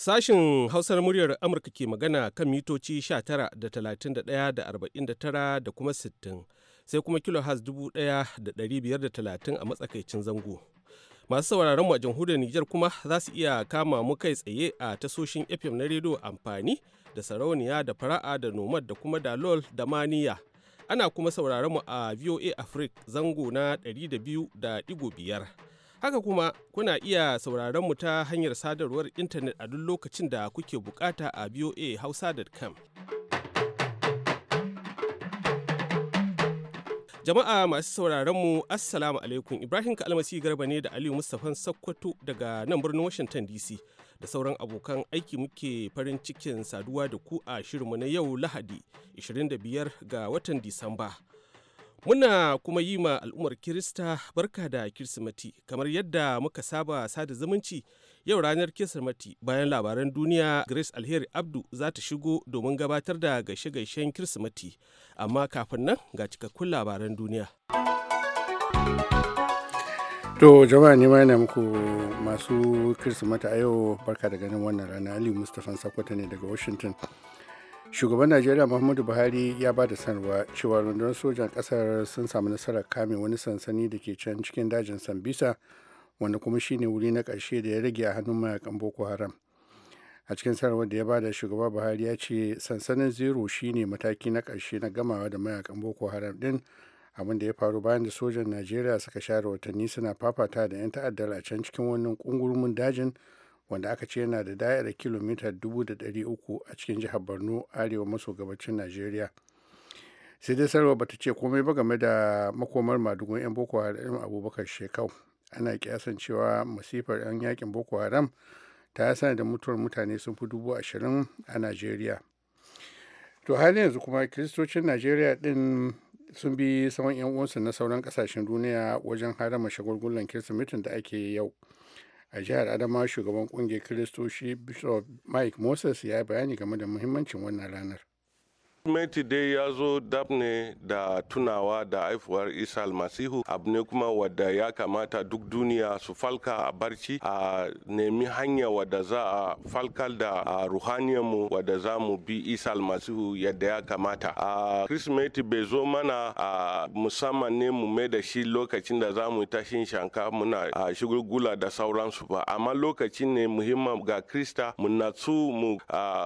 Sashen Hausar muryar Amurka ke magana kan mitoci 19 da 31 da 49 da kuma 60 sai kuma da 1530 a matsakaicin zango. Masu sauraron mu a jamhuriyar Nijar kuma za su iya kama mu kai tsaye a tasoshin FM na rediyo amfani da sarauniya da fara'a da nomad da kuma dalol da maniya. Ana kuma sauraron mu a VOA Africa zango na 200 da biyar. Haka kuma kuna iya sauraron mu ta hanyar sadarwar intanet a duk lokacin da kuke bukata a voahausa.com. Jama'a masu sauraron mu Assalamu alaikum Ibrahim Kalmasi Garba ne da Aliyu Mustapha Sokoto daga nan birnin Washington DC da sauran abokan aiki muke farin cikin saduwa da ku a shirinmu na yau Lahadi 25 ga watan Disamba. Muna kuma yi ma al'ummar Kirista barka da Kirsimati, kamar yadda muka saba sada zumunci yau ranar Kirsimati bayan labaran duniya Grace Alheri Abdu za ta shigo domin gabatar da gaishe-gaishen Kirsimati, amma kafin nan ga cikakkun labaran duniya. To jama'a ne ma muku masu Kirsimati a yau barka da ganin wannan rana Ali mustafan Sakwata ne daga Washington. shugaban najeriya muhammadu buhari ya ba da sanarwa cewa rundunar sojan kasar sun samu nasarar kame wani sansani da ke can cikin dajin sambisa wanda kuma shine wuri na ƙarshe da ya rage a hannun mayakan boko haram a cikin sanarwar da ya ba da shugaba buhari ya ce sansanin zero shine mataki na ƙarshe na gamawa da mayakan boko haram din abin da ya faru bayan da sojan najeriya suka share watanni suna fafata da 'yan ta'addar a can cikin wannan kungurumin dajin wanda aka ce yana da da'irar kilomita 300 a cikin jihar borno arewa maso gabacin nigeria. sai dai sarwa bata ce komai ba game da makomar madugun 'yan boko haram abubakar shekau ana kiyasan cewa masifar 'yan yakin boko haram ta sanar da mutuwar mutane sun fi dubu ashirin a nigeria. to halin yanzu kuma kiristocin nigeria din sun bi saman 'yan uwansu na sauran kasashen duniya wajen harama shagulgulan kirsimetin da ake yau a jihar adama shugaban kungiyar kiristoci bishop mike moses ya bayani game da muhimmancin wannan ranar Mati dai ya zo dab ne da tunawa da haifuwar Isa almasihu abu ne kuma wadda ya kamata duk duniya su falka a barci a nemi hanya wadda za a falkar da ruhaniyarmu wadda za mu bi Isa almasihu yadda ya kamata. A Kirsimeti bai zo mana a musamman ne mu mai da shi lokacin da za mu ta shanka muna a shigulgula da sauransu ba amma lokaci ne muhimman ga Krista mu natsu mu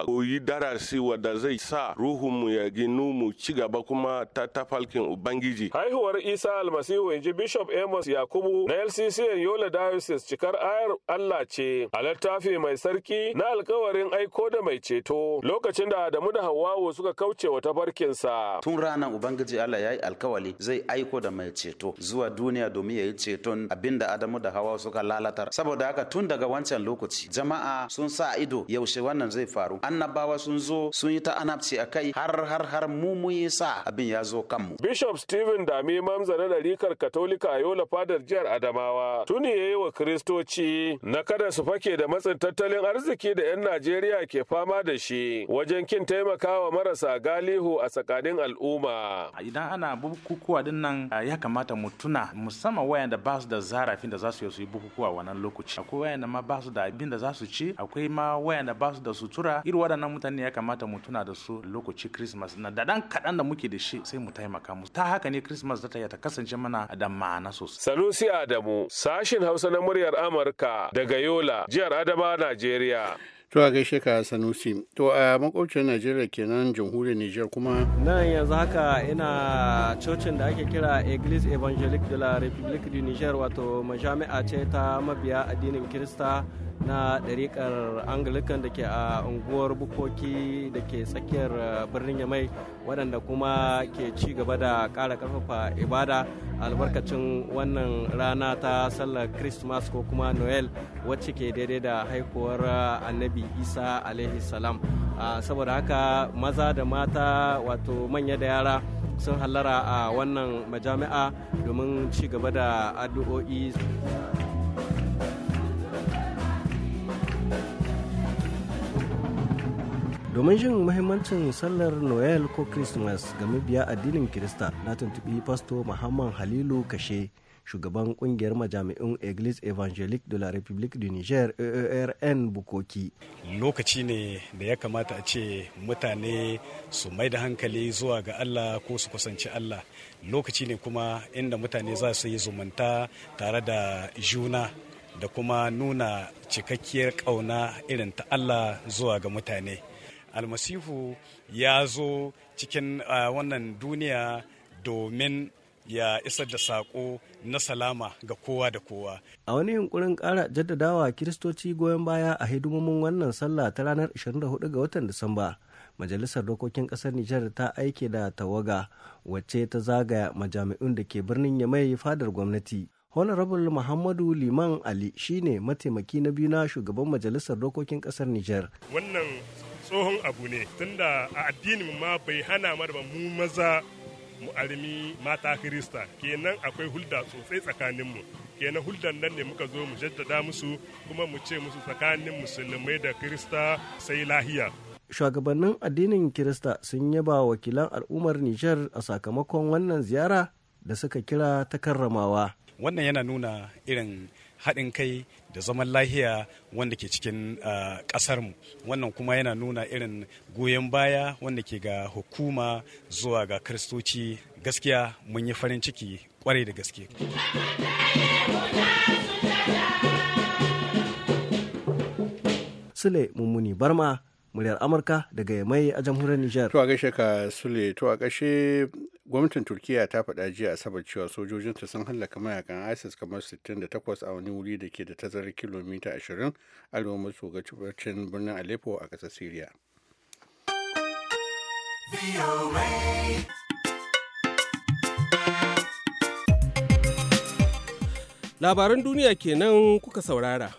koyi darasi wadda zai sa ruhu mu mu ya ginu mu ci gaba kuma ta tafalkin ubangiji haihuwar isa almasihu inji bishop amos yakubu na lcc yola diocese cikar ayar allah ce a littafi mai sarki na alkawarin aiko da mai ceto lokacin da adamu da hawawu suka kauce wa tafarkinsa tun ranar ubangiji allah ya yi alkawali zai aiko da mai ceto zuwa duniya domin ya yi ceton abinda adamu da hawawu suka lalatar saboda haka tun daga wancan lokaci jama'a sun sa ido yaushe wannan zai faru annabawa sun zo sun yi ta anabci a kai har har har har mu mu sa abin ya zo kanmu. Bishop Stephen Dami Mamza na ɗarikar Katolika a Yola Fadar Jihar Adamawa tuni ya yi wa Kiristoci na kada su fake da matsin tattalin arziki da 'yan Najeriya ke fama da shi wajen kin taimakawa marasa galihu a tsakanin al'umma. Idan ana bukukuwa din nan ya kamata mu tuna musamman wayanda ba su da zarafin da za su yi bukukuwa wannan lokaci. Akwai wayanda ma ba su da abin da za su ci, akwai ma wayanda ba su da sutura, irin waɗannan mutane ya kamata mu tuna da su lokaci christmas na da dan kaɗan da muke da shi sai mu taimaka musu ta haka ne christmas za ta iya ta kasance mana da ma'ana sosai sanusi adamu sashin hausa na muryar amurka daga yola jihar adama najeriya to a gaishe ka sanusi to a makwabcin najeriya kenan jamhuriyar niger kuma nan yanzu haka ina cocin da ake kira eglise evangelique de la république du niger wato majami'a ce ta mabiya addinin kirista na ɗariƙar anglican da ke a unguwar bukoki da ke tsakiyar eh, birnin yamai waɗanda kuma ke ci gaba da ƙara ƙarfafa ibada albarkacin wannan rana ta sallar christmas ko kuma noel wacce ke daidai da haihuwar eh, annabi isa alaihi salam ah, saboda haka maza da mata wato manya da yara sun hallara a wannan majami'a domin ci gaba da addu'o'i domin jin mahimmancin sallar noel ko christmas ga mabiya addinin kirista na tuntubi pasto muhammad halilu kashe shugaban kungiyar majami'un eglise evangelique de la republique du niger eorn bukoki lokaci ne da ya kamata a ce mutane su mai da hankali zuwa ga allah ko su kusanci allah lokaci ne kuma inda mutane za su yi zumunta tare da juna da kuma nuna cikakkiyar ƙauna irin ta allah zuwa ga mutane almasihu ya zo cikin wannan duniya domin ya isar da sako na salama ga kowa da kowa. A wani yunkurin ƙara jaddadawa kiristoci goyon baya a hidimomin wannan sallah ta ranar 24 ga watan Disamba, Majalisar Dokokin Ƙasar Nijar ta aike da tawaga wacce ta zagaya majami'un da ke birnin ya mai fadar gwamnati. Honorable Muhammadu Liman Ali shine mataimaki na biyu na shugaban Majalisar Dokokin Ƙasar Nijar. Wannan tsohon abu ne tunda a addinin ma bai hana marba mu maza mu alimi mata Kirista kenan akwai hulda sosai tsakaninmu kenan huldan nan ne muka zo mu jaddada musu kuma mu ce musu tsakanin musulmai da Kirista sai lahiya shugabannin addinin Kirista sun yaba wakilan al'ummar Nijar a sakamakon wannan ziyara da suka kira ta karramawa wannan yana nuna irin haɗin kai da zaman lahiya wanda ke cikin mu wannan kuma yana nuna irin goyon baya wanda ke ga hukuma zuwa ga kristoci gaskiya mun yi farin ciki kwarai da gaske sule mummuni barma muryar amurka daga mai a jamhuriyar niger to a gaishe ka sule to a gashe gwamnatin turkiya ta faɗa jiya asabar cewa sojojinta sun hallaka mayakan isis kamar 68 a wani wuri da ke da tazarar kilomita 20 arewa maso gabacin birnin aleppo a ƙasar syria labaran duniya kenan kuka saurara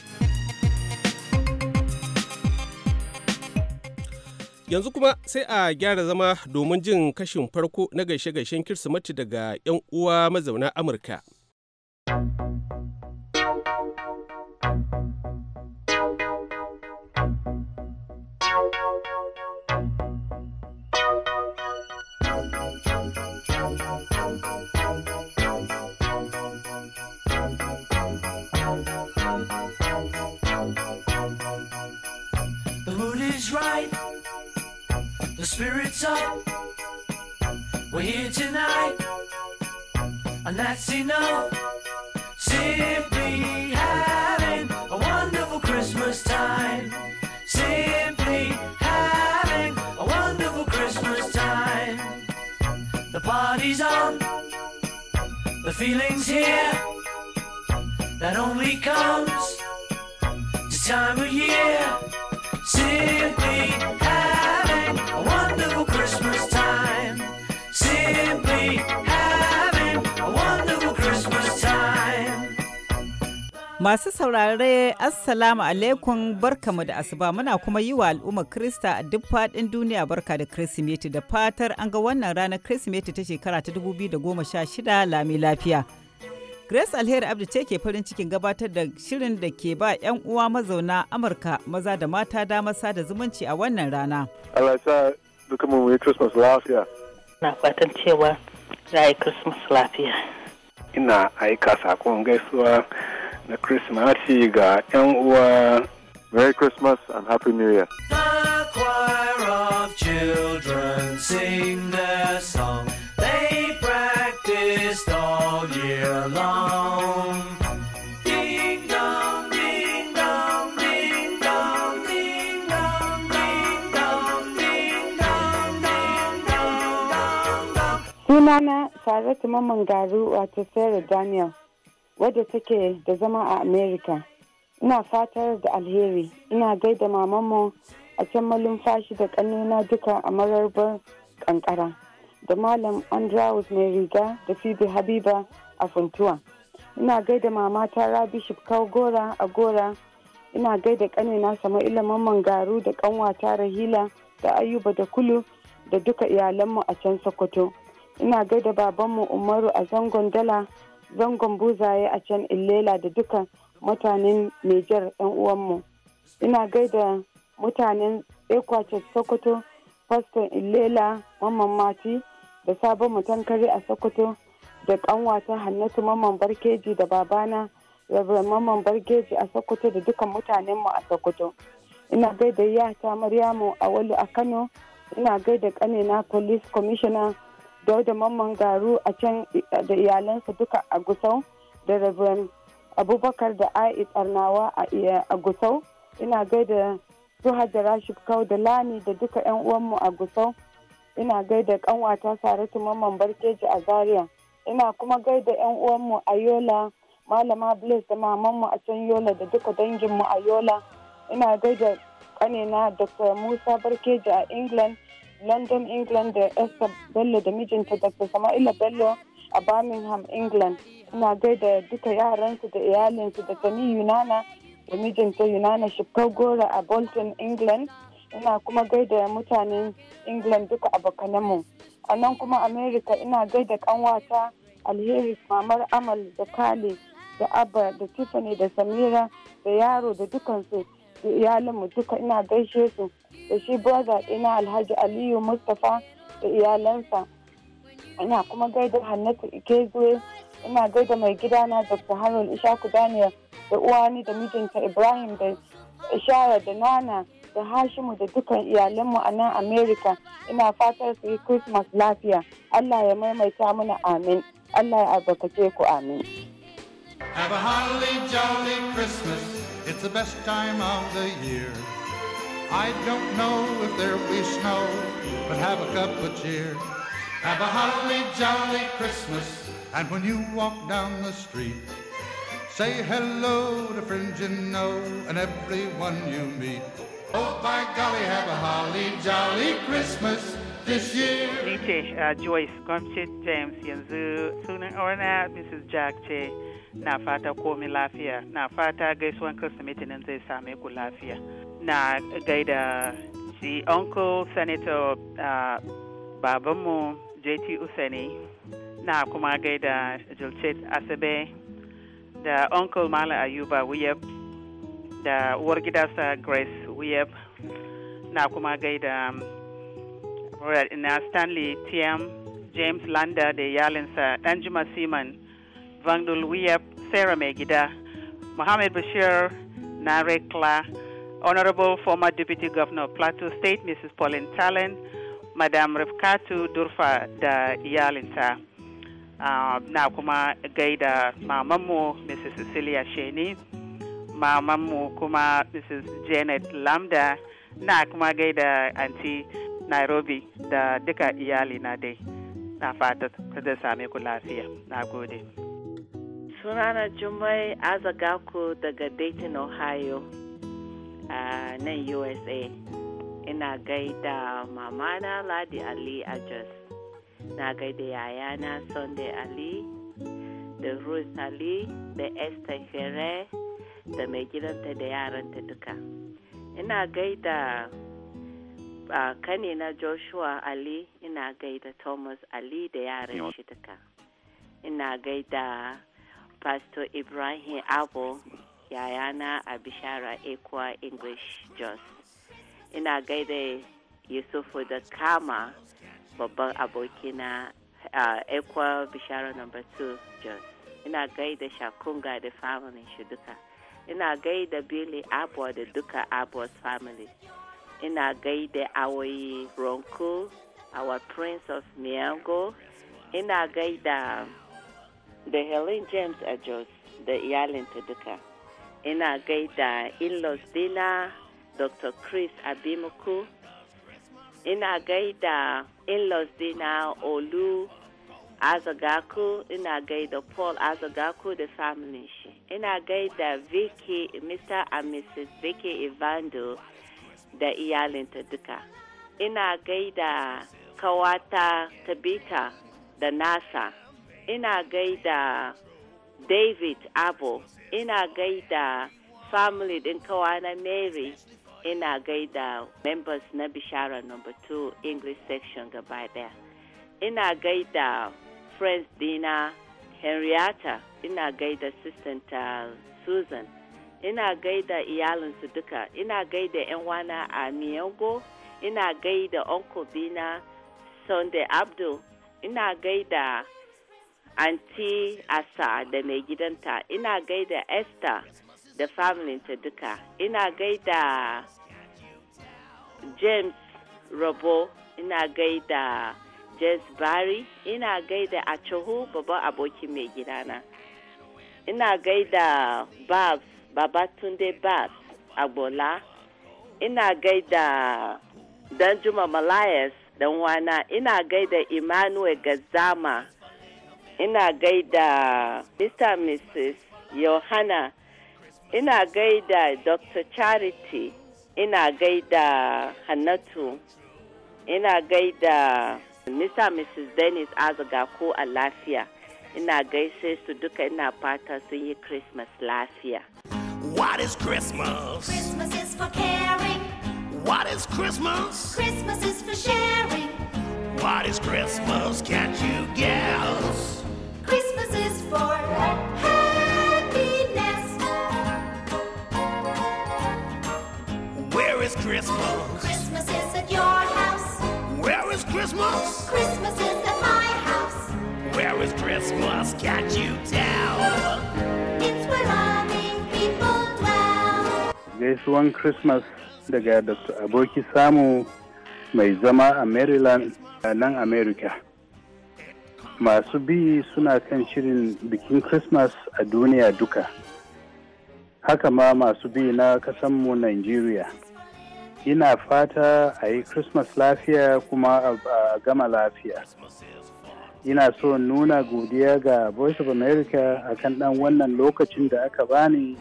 Yanzu kuma sai a gyara zama domin jin kashin farko na gaishe-gaishen Kirsimeti daga 'yan uwa mazauna Amurka. spirits up. We're here tonight, and that's enough. Simply having a wonderful Christmas time. Simply having a wonderful Christmas time. The party's on, the feeling's here. That only comes this time of year. Simply Masu saurare Assalamu alaikum barkamu da asuba muna kuma yi wa al'ummar Krista a duk faɗin duniya barka da Kirsimeti da fatar an ga wannan ranar Kirsimeti ta shekara ta 2016 lami lafiya. Grace Alheri Abdu ce ke farin cikin gabatar da shirin da ke ba 'yan uwa mazauna Amurka maza da mata damar sada zumunci a wannan rana. Allah sa duka mu yi Christmas lafiya. Na fatan cewa za a yi Christmas lafiya. Ina aika sakon gaisuwa na Kirsimati ga 'yan uwa. Merry Christmas and Happy New Year. The choir of children sing their song. They practiced all year long. Ding ding ding ding ding ding ding dong, dong, dong, dong, dong, dong, dong. Sunana Saratu Mamman Garu wato Sarah Daniel. wadda take da zama a Amerika. Ina fatar da alheri, ina gaida mamanmu a can fashi da ƙannena duka a mararbar kankara da Malam Andrawus mai riga da Phoebe Habiba a Funtuwa. Ina gaida mamata Rabi Shifkau Gora a Gora, ina gaida ƙanina sama Mamman Garu da ƙanwata Rahila da Ayuba da Kulu da duka iyalanmu a can Sokoto. Ina gaida babanmu Umaru a zangon Dala zangon buzaye a can illela da dukan mutanen Nijar 'yan uwanmu. Ina gaida mutanen Ekwace Sokoto, Faston Illela Mamman Mati da Sabon Mutankari a Sokoto da ƙanwata Hannatu Mamman Barkeji da babana Reverend Mamman Barkeji a Sokoto da dukan mutanenmu a Sokoto. Ina gaida yata Maryamu a a Kano, ina gaida ƙanina Police Commissioner dauda mamman garu a can da iyalansa duka a gusau da rabin abubakar da ai tsarnawa a gusau ina gaida da rashid kau da lami da duka yan uwanmu a gusau ina gaida kanwata saratu mamman barkeji a zaria ina kuma gaida yan uwanmu a yola malama blaise da mamanmu a can yola da duka danginmu a yola ina gaida kanina dr musa barkeji a england London, England da eh, Esther Bello da mijinta Dr. Sama'ila Bello a Birmingham, England. Ina gaida duka yaransu da iyalinsu da Tani unana da mijinta Yunana Shifkagora a Bolton, England. Ina kuma gaida mutanen England duka abokananmu. A nan kuma America ina gaida ƙanwata Alheri Mamar Amal da Kale da Abba da Tiffany da Samira da Yaro da dukansu da iyalinmu duka ina gaishe su. da shi brother ɗina alhaji aliyu mustapha da iyalansa ina kuma gaida hannatu ikezue ina gaida mai gidana da harold ishaku daniel da uwani da mijinta ibrahim da ishara da nana da hashimu da dukan iyalanmu a nan america ina fatar su yi christmas lafiya allah ya maimaita mana amin allah ya albarkace ku amin Have a holly jolly Christmas, it's the best time of the year. I don't know if there'll be snow, but have a cup of cheer. Have a holly jolly Christmas, and when you walk down the street, say hello to friends you know and everyone you meet. Oh, by golly, have a holly jolly Christmas. This year. Ni uh, Joyce Gomce James yanzu sunan aurena Mrs. Jack ce na fata komi lafiya na fata gaisuwan kirsimeti nan zai same ku lafiya. na gaida shi uncle senator uh, babanmu jt usani na kuma gaida julcet asabe da onkel malam ayuba wuyab da wargidasa grace wuyab na kuma gaida na stanley Tm james landa da iyalinsa danjuma seaman vangdul wuyab sarah mai gida muhammad bashir na rekla Honorable former Deputy Governor of Plateau State, Mrs. Pauline Talent, Madam Rifkatu Durfa da iyalinta. Ah, na kuma gaida mamanmu Mrs. Cecilia Sheni, mamanmu kuma Mrs. Janet Lambda, na kuma gaida anti Nairobi da duka iyali na dai. Na fata da same ku lafiya. Na gode. Sunana Jummai Azagaku daga Dayton, Ohio. a nan usa ina gaida mamana ladi ali a jos na gaida yayana sunday ali da rose ali da esther here da mai gidanta da yaranta duka ina gaida a uh, kane na joshua ali ina gaida thomas ali da yaran shi duka ina gaida pastor ibrahim abu yayana a bishara ekwa english jos ina gaida yusufu da kama babban abokina uh, bishara number 2 jos ina gaida shakunga da family shi duka ina gaida billy abuwa da duka abuwa's family ina gaida awoyi ronku our prince of miango ina gaida da helen james a jos da iyalinta duka ina gaida inlos dina dr chris abimuku ina gaida inlos dina olu azagaku ina gaida paul azagaku da family shi ina gaida vicky mr and mrs vicky evando da iyalinta duka ina gaida kawata tabita da nasa ina gaida david abo ina gaida family din kawana mary ina gaida members na bishara number 2 english section gaba daya ina gaida friends dina henrietta ina gaida ta susan ina gaida iyalinsu duka ina gaida yanwana amiago a miyango ina gaida uncle bina sunday abdul ina gaida anti asa da mai gidanta ina gaida esther da familinta duka ina gaida james robo ina gaida Jess Barry, ina gaida a Achohu babban abokin mai gidana. Ina gaida Babs, Babatunde Babs, Agbola. Ina gaida Danjuma Malayas, dan wana. Ina gaida Emmanuel Gazama, ina gaida Mr. Mrs. Yohana, ina gaida Dr. Charity, ina gaida Hannatu, ina gaida Mr. Mrs. Dennis Azagako a lafiya, ina gaishe su duka ina fata sun yi Christmas lafiya. What is Christmas? Christmas is for caring. What is Christmas? Christmas is for sharing. What is Christmas? Can't you guess? gaisuwan Christmas daga Dr. Aboki Samu mai zama a Maryland a nan Amerika. Masu bi suna kan shirin bikin Christmas a duniya duka. Haka ma masu bi na kasanmu Nigeria. Ina fata a yi Christmas lafiya kuma a gama lafiya. ina so nuna godiya ga voice of america akan ɗan wannan lokacin da aka bani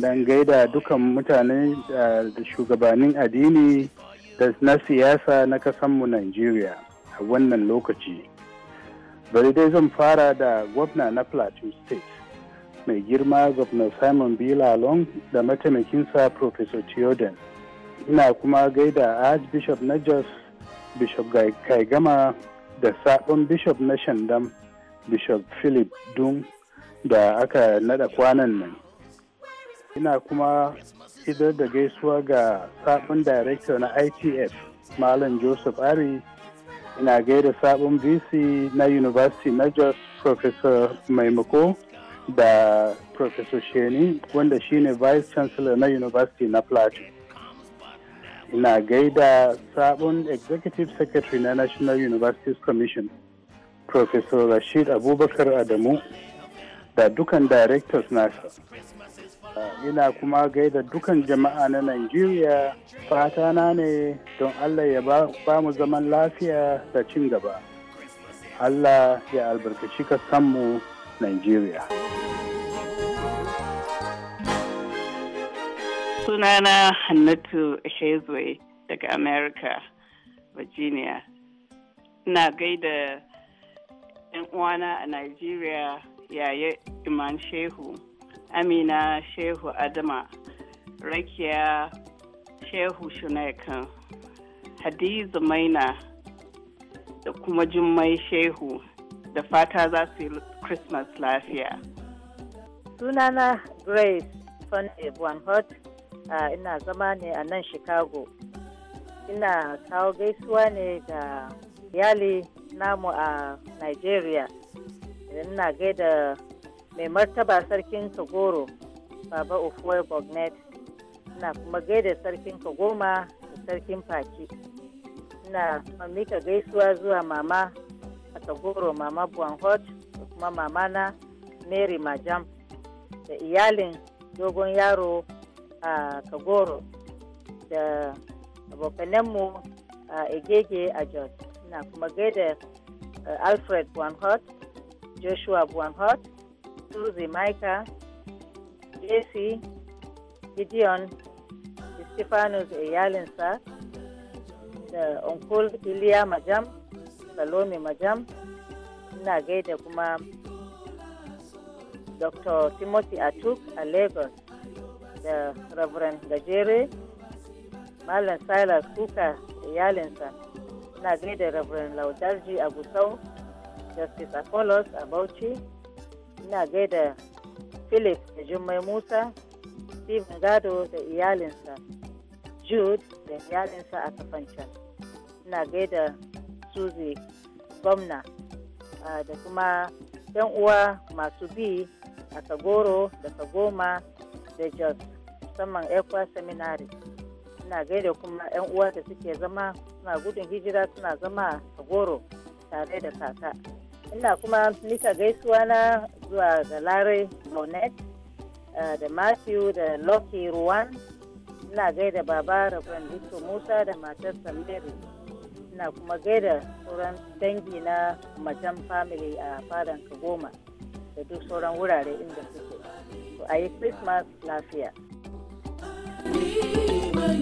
dan gaida dukan mutane da shugabannin addini da na siyasa na kasanmu Najeriya a wannan lokaci. Bari dai zan fara da gwamna na Plateau State, mai girma gwamna Simon B. Lalong da mataimakinsa Professor Theoden. Ina kuma gaida Archbishop na Jos, Bishop Kaigama da sabon Bishop na Shandam, Bishop Philip Dum da aka naɗa kwanan nan. ina kuma idar da gaisuwa ga sabon director na ITF Malam Joseph Ari ina gaida sabon VC na University na Jos Professor Maimako da Professor Sheni wanda shine Vice Chancellor na University na Plateau. Ina gaida sabon Executive Secretary na National Universities Commission Professor Rashid Abubakar Adamu da dukan directors nasa. ina kuma gaida dukan jama'a na Najeriya fata na ne don Allah ya ba mu zaman lafiya da cin gaba. Allah ya albarkaci ka sanmu Najeriya. Sunana Hannatu Shezwe daga America, Virginia. Ina gaida 'yan uwana a Najeriya yaya Iman Shehu. amina shehu adama rakiya shehu shunakan hadizu maina da kuma jummai shehu da fata za su yi christmas lafiya sunana grace sunday buanhot uh, ina zama ne a nan chicago ina kawo gaisuwa ne ga iyali namu a nigeria ina gaida mai martaba sarkin kagoro baba ofuwar bognet na kuma gaida sarkin kagoma da sarkin faki na mika gaisuwa zuwa mama a kagoro mama buwanhot da kuma mama na mary majam da iyalin dogon yaro a kagoro da abokanenmu a egege a jos na kuma gaida eh, alfred buwanhot joshua buwanhot Suzy, Micah, Jesse, Gideon, Stephanus da iyalinsa, da Uncle Iliya Majam, Salome Majam, ina gaida kuma Dr. Timothy Atuk a Lagos, da Reverend Gajere, Malam Silas Kuka da iyalinsa, ina gaida Reverend Laudarji a Gusau, Justice Apollos a Bauchi, ina gaida philip da jummai musa steven gado da iyalinsa jude da iyalinsa a kafancan ina gaida suzy gwamna da kuma yan uwa masu bi a kagoro da kagoma da jos musamman ekwa seminary ina gaida kuma yan uwa da suke zama suna gudun hijira suna zama a kagoro tare da kaka ina kuma nika gaisuwa na zuwa ga Larry monet eh, da Matthew da Loki Ruwan ina gaida baba rabon Victor Musa da matarsa Mary ina kuma gaida sauran dangi na majan family a fadan Kagoma da duk sauran wurare inda suke a yi Christmas lafiya. Be my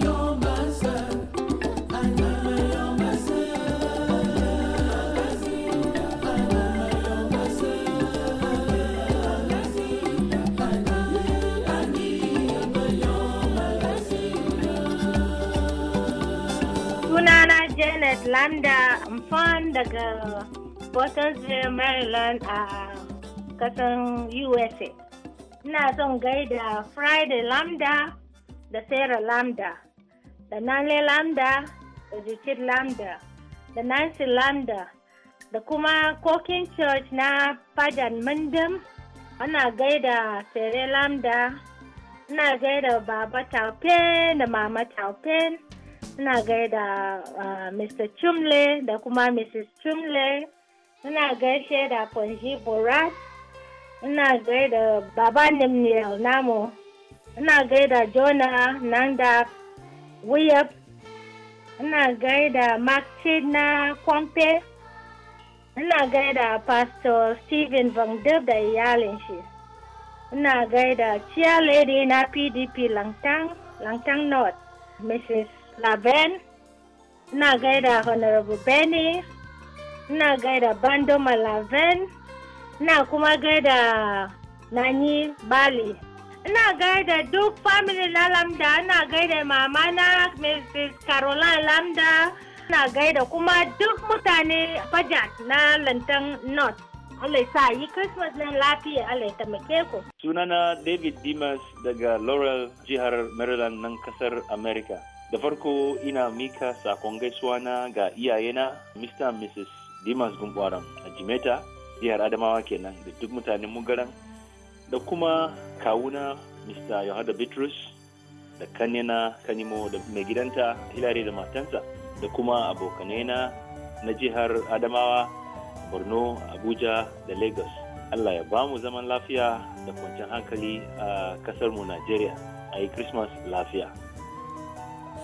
Landa Amfan daga Portersville, Maryland a kasan USA. Ina son gaida Friday Lambda da Sarah Lambda, da Nale Lambda da Jikid Lambda, da Nancy Lambda, da kuma Cooking Church na Pajan Mandam. Ana gaida Sere Lambda, ina gaida Baba Taupen da Mama Tafe. Muna gaida uh, Mr. Chumle da kuma Mrs. Chumle. Muna gaishe da Ponji Borat. Muna gaida Baba Nimniel namu. Muna gaida Jona Nanda Wiyab. Muna gaida Mark Chidna Kwampe. Ina gaida Pastor Stephen Van Dub da iyalin shi. Ina gaida Chair Lady na PDP Langtang, Langtang North, Mrs. laben na gaida honorable benny na gaida bando malaven na kuma gaida nanyi bali ina gaida duk family na lamda ina gaida mamana na mrs caroline lamda ina gaida kuma duk mutane fajat na lantan north Allah sa yi Christmas na lafiya Allah ta ku. Sunana David Dimas daga Laurel jihar Maryland nan kasar America. da farko ina mika sakon gaisuwa na ga iyayena mr mrs dimas gumbaran a jimeta jihar adamawa kenan da duk mutanen mugaran da kuma kawuna mr yohada bitrus da kanina kanimo da mai gidanta hilary da matansa da kuma abokanaina na jihar adamawa borno abuja da lagos allah ya ba mu zaman lafiya da kwanciyar hankali a kasarmu najeriya a yi christmas lafiya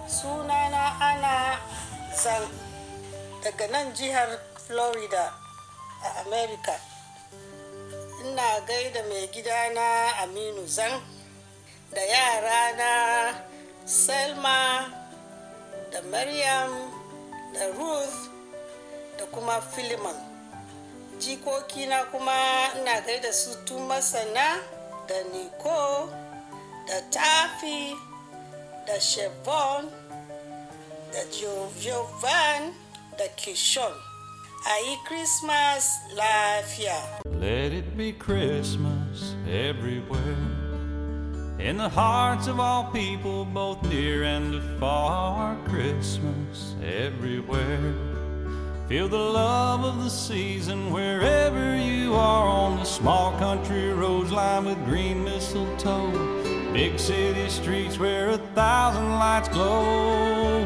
sunana ana zan daga nan jihar florida a america ina gaida mai gidana aminu zan da yara na selma da maryam da ruth da kuma filiman jikokina kuma ina gaida su tun masana da niko da tafi the chevron, the Jovan, the Kishon. Aye, Christmas lafiya. Let it be Christmas everywhere. In the hearts of all people, both near and afar, Christmas everywhere. Feel the love of the season wherever you are on the small country roads lined with green mistletoe. Big city streets where a thousand lights glow.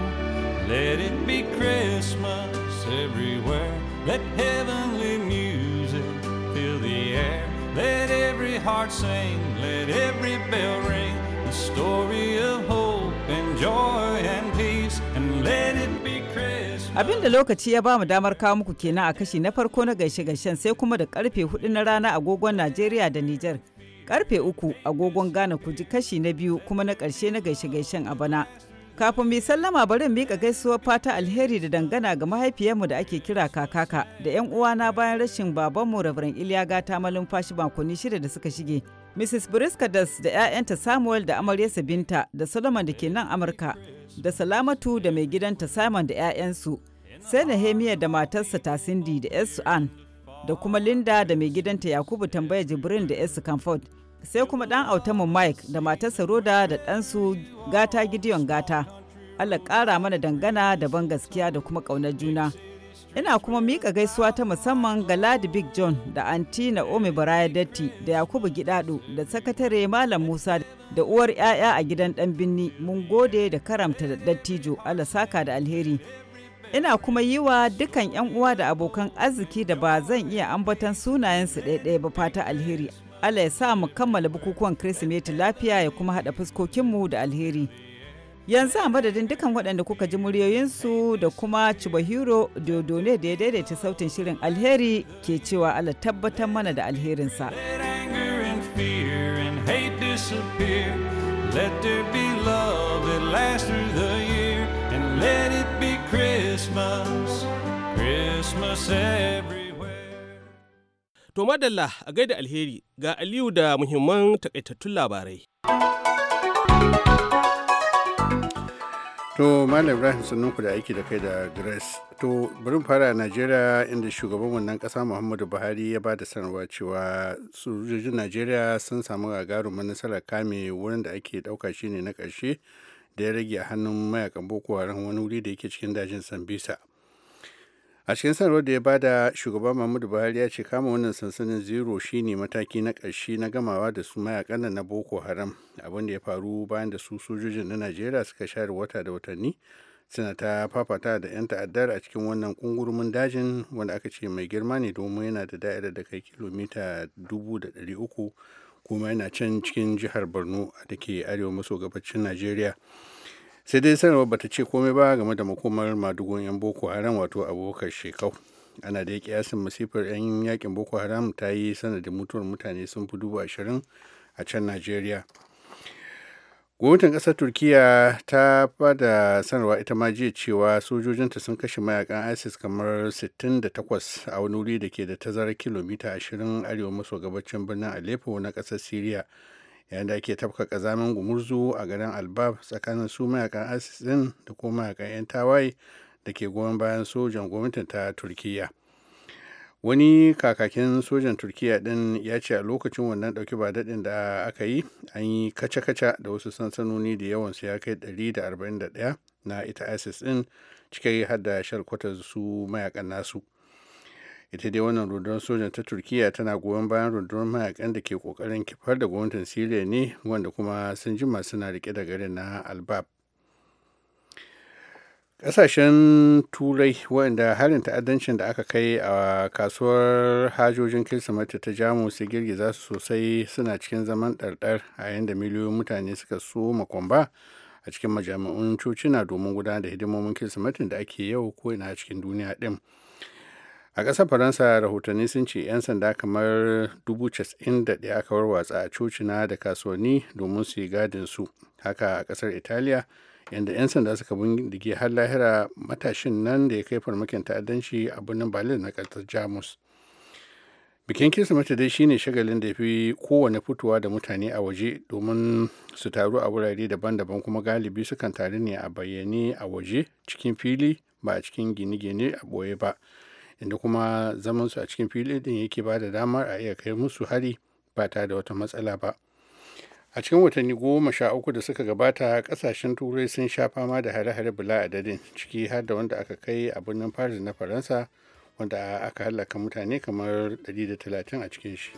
Let it be Christmas everywhere. Let heavenly music fill the air. Let every heart sing, let every bell ring. The story of hope and joy and peace. And let it be Christmas. Abin da lokaci ya ba mu damar kawo muku kenan a kashi na farko na gaishe-gaishen sai kuma da karfe hudu na rana agogon Najeriya da Nijar. karfe uku agogon Ghana ku ji kashi na biyu kuma na karshe na gaishe-gaishen a bana. Kafin mai sallama bari mika gaisuwar fata alheri da dangana ga mahaifiyarmu da ake kira kakaka da 'yan uwana bayan rashin babanmu rabarin Iliya gata fashi makonni shida da suka shige. Mrs. Briskadas da 'ya'yanta Samuel da amaryarsa Binta da Solomon da ke nan Amurka da Salamatu da mai gidanta Simon da 'ya'yansu sai Nehemiya da matarsa Tasindi da 'yarsu an, da kuma Linda da mai gidanta Yakubu tambaya Jibrin da 'yarsu Comfort. sai kuma ɗan autamu mike da matarsa roda da ɗansu gata gideon gata allah ƙara mana dangana da ban gaskiya da kuma ƙaunar juna ina kuma miƙa gaisuwa ta musamman ga ladi big john da anti naomi baraya datti da yakubu gidadu da sakatare malam musa da uwar 'ya'ya a gidan ɗan binni mun gode da karamta da dattijo allah saka da alheri ina kuma yi wa dukan 'yan uwa da abokan arziki da ba zan iya ambatan sunayensu ɗaya-ɗaya ba fata alheri Allah ya sa mu kammala bukukuwan Kirsimeti lafiya ya kuma haɗa fuskokinmu da alheri. Yanzu a madadin dukan waɗanda kuka ji muryoyinsu da kuma Chubahiro Dodone da ya daidaita sautin shirin alheri ke cewa Allah tabbatar mana da alherinsa. Christmas, Christmas every To madalla a gaida alheri ga Aliyu da muhimman takaitattun labarai. To Malam Ibrahim sannan ku da aiki da kai da Grace. To bari fara a Najeriya inda shugaban wannan kasa Muhammadu Buhari ya ba da sanarwa cewa sojojin Najeriya sun samu gagarumin nasarar kame wurin da ake ɗauka shi ne na ƙarshe da ya rage a hannun mayakan Boko Haram wani wuri da yake cikin dajin Sambisa. a cikin sanarwar da ya bada shugaban mahmudu buhari ya ce kama wannan sansanin zero shine mataki na ƙarshe na gamawa da su mayakan na boko haram abin da ya faru bayan da su sojojin na najeriya suka share wata da watanni suna ta fafata da 'yan ta'addar a cikin wannan kungurumin dajin wanda aka ce mai girma ne domin yana da da'ira da kai kilomita 300 kuma yana can cikin jihar borno da ke arewa maso gabacin najeriya sai dai sanarwar bata ce komai ba game da makomar madugun 'yan boko haram wato abokar shekau ana da ya kiyasin masifar 'yan yakin boko haram ta yi sanadin mutuwar mutane sun fi dubu ashirin a can najeriya gwamnatin kasar turkiya ta bada sanarwa ita ma jiya cewa sojojinta sun kashe mayakan isis kamar 68 a wani wuri da ke da tazarar kilomita 20 arewa maso gabacin birnin aleppo na kasar syria yayin da ake tafka kazamin gumurzu a garin albab tsakanin su mayakan isis din da kuma mayakan 'yan tawaye da ke goyon bayan sojan gwamnatin ta turkiya wani kakakin sojan turkiya din ya ce a lokacin wannan dauki ba daɗin da aka yi an yi kaca-kaca da wasu sansanoni da yawan su ya kai 141 na ita isis din cike har da shalkwatar su mayakan nasu ita dai wannan rundunar sojan ta turkiya tana goyon bayan rundunar mayakan da ke kokarin kifar da gwamnatin siriya ne wanda kuma sun jima suna rike da garin na albab kasashen turai waɗanda harin ta'addancin da aka kai a kasuwar hajojin kirsimati ta jamus girgiza su sosai suna cikin zaman ɗarɗar a yayin miliyoyin mutane suka so makwamba a cikin majami'un cocina domin gudanar da hidimomin kirsimetin da ake yau ko ina cikin duniya ɗin a ƙasar faransa rahotanni sun ce 'yan sanda kamar 91 aka warwatsa a cocina da kasuwanni domin su yi gadin su haka a ƙasar italiya yadda 'yan sanda suka bindige har lahira matashin nan da ya kai farmakin ta'addanci a birnin berlin na ƙasar jamus bikin kirsimeti dai shine shagalin da fi kowane fitowa da mutane a waje domin su taru a wurare daban-daban kuma galibi sukan taru ne a bayyane a waje cikin fili ba a cikin gine-gine a ɓoye ba inda kuma zaman su a cikin fili din yake ba da damar a iya kai musu hari ba tare da wata matsala ba a cikin watanni goma sha uku da suka gabata kasashen turai sun sha fama da hare-hare bula dadin ciki har da wanda aka kai a birnin paris na faransa wanda aka halaka mutane kamar 130 a cikin shi.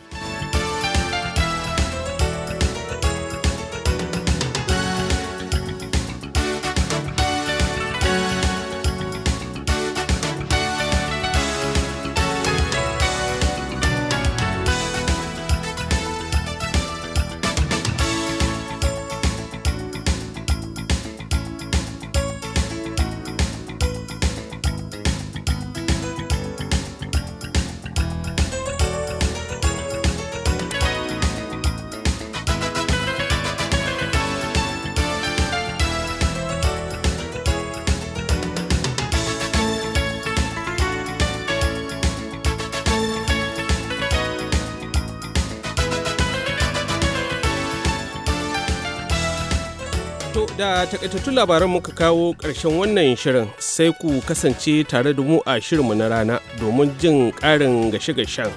takaitattun labaran muka kawo ƙarshen wannan shirin sai ku kasance tare da mu a shirinmu na rana domin jin ƙarin gashe-gashen.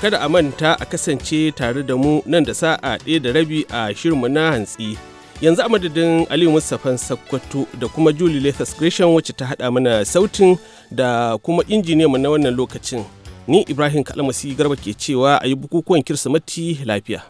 Kada a manta a kasance tare da mu nan da sa'a ɗaya da rabi a shirinmu na hantsi. Yanzu a madadin Aliyu Mustapha Sakkwato da kuma Julie Lathas Gresham wacce ta haɗa mana sautin da kuma injiniyanmu na wannan lokacin. Ni Ibrahim Kalamasi Garba ke cewa a yi bukukuwan Kirsimeti lafiya.